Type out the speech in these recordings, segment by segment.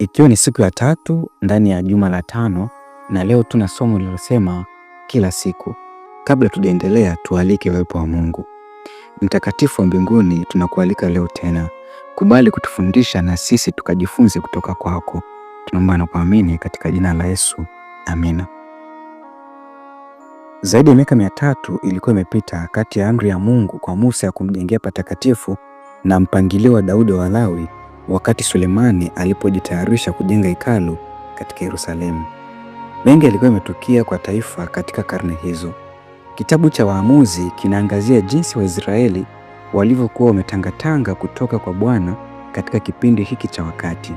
ikiwa ni siku ya tatu ndani ya juma la tano, na leo tuna somo lililosema kila siku. Kabla tujaendelea, tualike uwepo wa Mungu mtakatifu wa mbinguni. Tunakualika leo tena, kubali kutufundisha na sisi tukajifunze kutoka kwako. Tunaomba na kuamini katika jina la Yesu, amina. Zaidi ya miaka mia tatu ilikuwa imepita kati ya amri ya Mungu kwa Musa ya kumjengea patakatifu na mpangilio wa Daudi wa Lawi wakati Sulemani alipojitayarisha kujenga hekalu katika Yerusalemu. Mengi yalikuwa imetukia kwa taifa katika karne hizo. Kitabu cha Waamuzi kinaangazia jinsi Waisraeli walivyokuwa wametangatanga kutoka kwa Bwana katika kipindi hiki cha wakati,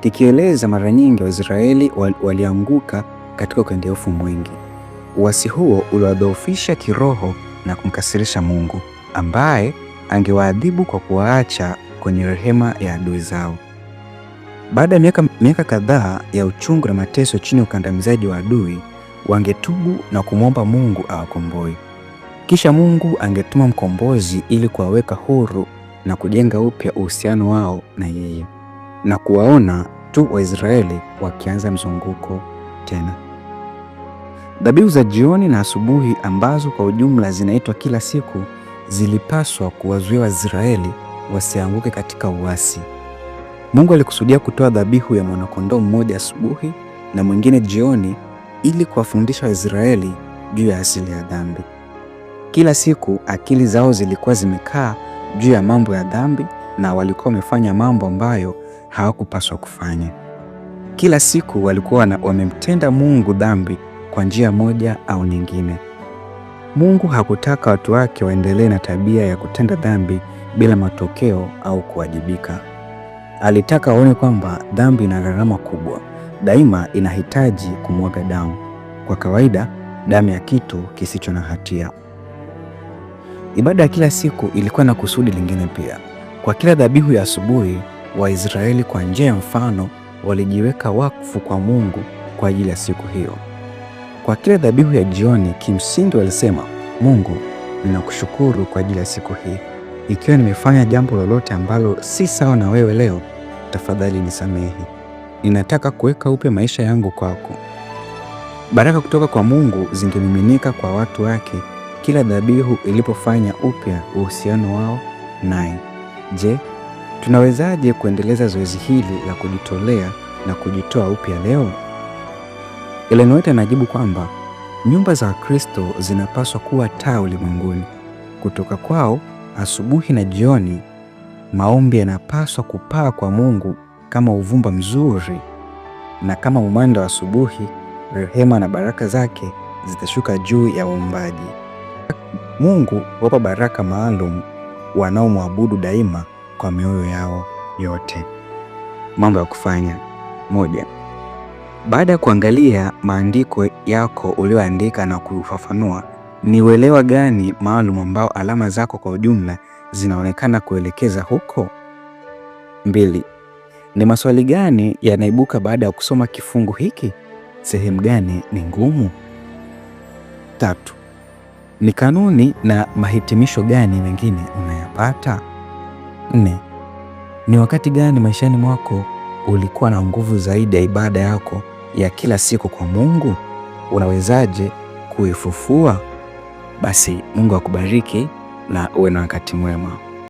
kikieleza mara nyingi Waisraeli walianguka katika ukendeufu mwingi. Uasi huo uliwadhoofisha kiroho na kumkasirisha Mungu ambaye angewaadhibu kwa kuwaacha kwenye rehema ya adui zao. Baada ya miaka, miaka kadhaa ya uchungu na mateso chini ya ukandamizaji wa adui, wangetubu na kumwomba Mungu awakomboe. Kisha Mungu angetuma mkombozi ili kuwaweka huru na kujenga upya uhusiano wao na yeye na kuwaona tu Waisraeli wakianza mzunguko tena. Dhabihu za jioni na asubuhi ambazo kwa ujumla zinaitwa kila siku zilipaswa kuwazuia Waisraeli wasianguke katika uasi. Mungu alikusudia kutoa dhabihu ya mwanakondoo mmoja asubuhi na mwingine jioni ili kuwafundisha Waisraeli juu ya asili ya dhambi. Kila siku akili zao zilikuwa zimekaa juu ya mambo ya dhambi na walikuwa wamefanya mambo ambayo hawakupaswa kufanya. Kila siku walikuwa wamemtenda Mungu dhambi kwa njia moja au nyingine. Mungu hakutaka watu wake waendelee na tabia ya kutenda dhambi bila matokeo au kuwajibika. Alitaka aone kwamba dhambi ina gharama kubwa, daima inahitaji kumwaga damu, kwa kawaida damu ya kitu kisicho na hatia. Ibada ya kila siku ilikuwa na kusudi lingine pia. Kwa kila dhabihu ya asubuhi, Waisraeli kwa njia ya mfano walijiweka wakfu kwa Mungu kwa ajili ya siku hiyo. Kwa kila dhabihu ya jioni, kimsingi walisema, Mungu, ninakushukuru kwa ajili ya siku hii. Ikiwa nimefanya jambo lolote ambalo si sawa na wewe leo, tafadhali nisamehe. Ninataka kuweka upya maisha yangu kwako. Baraka kutoka kwa Mungu zingemiminika kwa watu wake kila dhabihu ilipofanya upya uhusiano wao naye. Je, tunawezaje kuendeleza zoezi hili la kujitolea na kujitoa upya leo? Ellen White anajibu kwamba nyumba za Wakristo zinapaswa kuwa taa ulimwenguni. Kutoka kwao asubuhi na jioni, maombi yanapaswa kupaa kwa Mungu kama uvumba mzuri, na kama umande wa asubuhi, rehema na baraka zake zitashuka juu ya uumbaji. Mungu huwapa baraka maalum wanaomwabudu daima kwa mioyo yao yote. Mambo ya kufanya: moja, baada ya kuangalia maandiko yako uliyoandika na kufafanua ni uelewa gani maalum ambao alama zako kwa ujumla zinaonekana kuelekeza huko? Mbili, ni maswali gani yanaibuka baada ya kusoma kifungu hiki? Sehemu gani ni ngumu? Tatu, ni kanuni na mahitimisho gani mengine unayapata? Nne, ni wakati gani maishani mwako ulikuwa na nguvu zaidi ya ibada yako ya kila siku kwa Mungu? Unawezaje kuifufua? Basi Mungu akubariki na uwe na wakati mwema.